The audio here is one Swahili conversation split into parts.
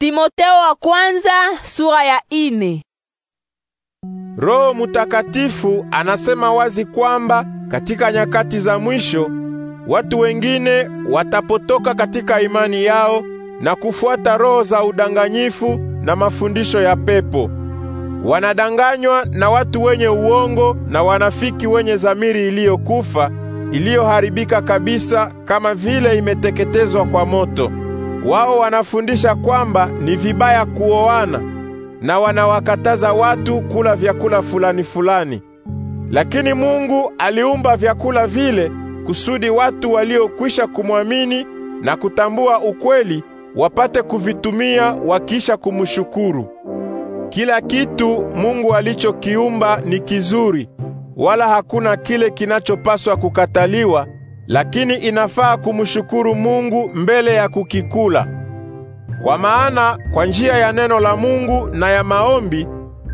Timoteo wa kwanza sura ya ine. Roho Mutakatifu anasema wazi kwamba katika nyakati za mwisho watu wengine watapotoka katika imani yao na kufuata roho za udanganyifu na mafundisho ya pepo. Wanadanganywa na watu wenye uongo na wanafiki wenye zamiri iliyokufa, iliyoharibika kabisa kama vile imeteketezwa kwa moto. Wao wanafundisha kwamba ni vibaya kuoana na wanawakataza watu kula vyakula fulani fulani. Lakini Mungu aliumba vyakula vile kusudi watu waliokwisha kumwamini na kutambua ukweli wapate kuvitumia wakisha kumshukuru. Kila kitu Mungu alichokiumba ni kizuri, wala hakuna kile kinachopaswa kukataliwa lakini inafaa kumshukuru Mungu mbele ya kukikula. Kwa maana kwa njia ya neno la Mungu na ya maombi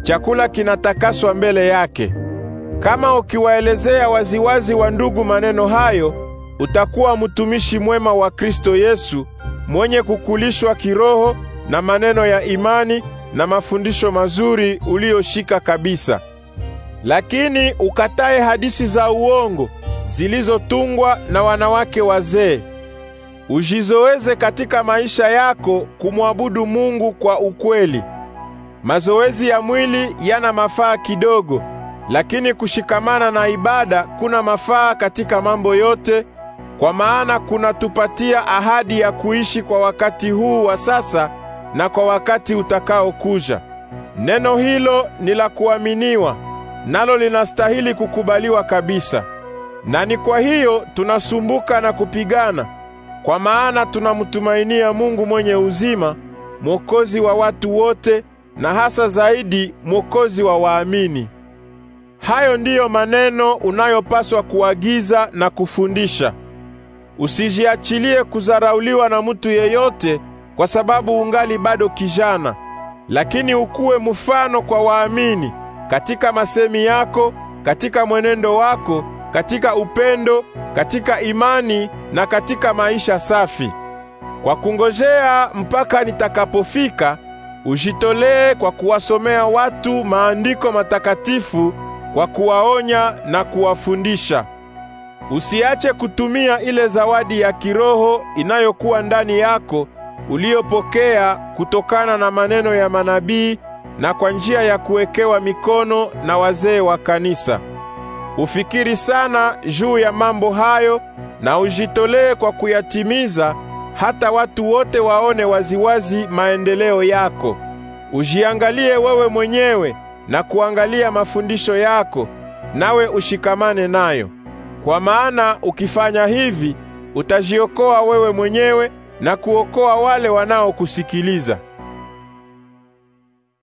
chakula kinatakaswa mbele yake. Kama ukiwaelezea waziwazi wa ndugu maneno hayo, utakuwa mtumishi mwema wa Kristo Yesu, mwenye kukulishwa kiroho na maneno ya imani na mafundisho mazuri uliyoshika kabisa. Lakini ukatae hadisi za uongo zilizotungwa na wanawake wazee. Ujizoeze katika maisha yako kumwabudu Mungu kwa ukweli. Mazoezi ya mwili yana mafaa kidogo, lakini kushikamana na ibada kuna mafaa katika mambo yote, kwa maana kunatupatia ahadi ya kuishi kwa wakati huu wa sasa na kwa wakati utakaokuja. Neno hilo ni la kuaminiwa, nalo linastahili kukubaliwa kabisa na ni kwa hiyo tunasumbuka na kupigana, kwa maana tunamtumainia Mungu mwenye uzima, mwokozi wa watu wote, na hasa zaidi mwokozi wa waamini. Hayo ndiyo maneno unayopaswa kuagiza na kufundisha. Usijiachilie kuzarauliwa na mtu yeyote, kwa sababu ungali bado kijana, lakini ukuwe mfano kwa waamini katika masemi yako, katika mwenendo wako katika upendo, katika imani na katika maisha safi, kwa kungojea mpaka nitakapofika. Ujitolee kwa kuwasomea watu maandiko matakatifu, kwa kuwaonya na kuwafundisha. Usiache kutumia ile zawadi ya kiroho inayokuwa ndani yako uliyopokea kutokana na maneno ya manabii na kwa njia ya kuwekewa mikono na wazee wa kanisa ufikiri sana juu ya mambo hayo na ujitolee kwa kuyatimiza, hata watu wote waone waziwazi maendeleo yako. Ujiangalie wewe mwenyewe na kuangalia mafundisho yako, nawe ushikamane nayo, kwa maana ukifanya hivi utajiokoa wewe mwenyewe na kuokoa wale wanaokusikiliza.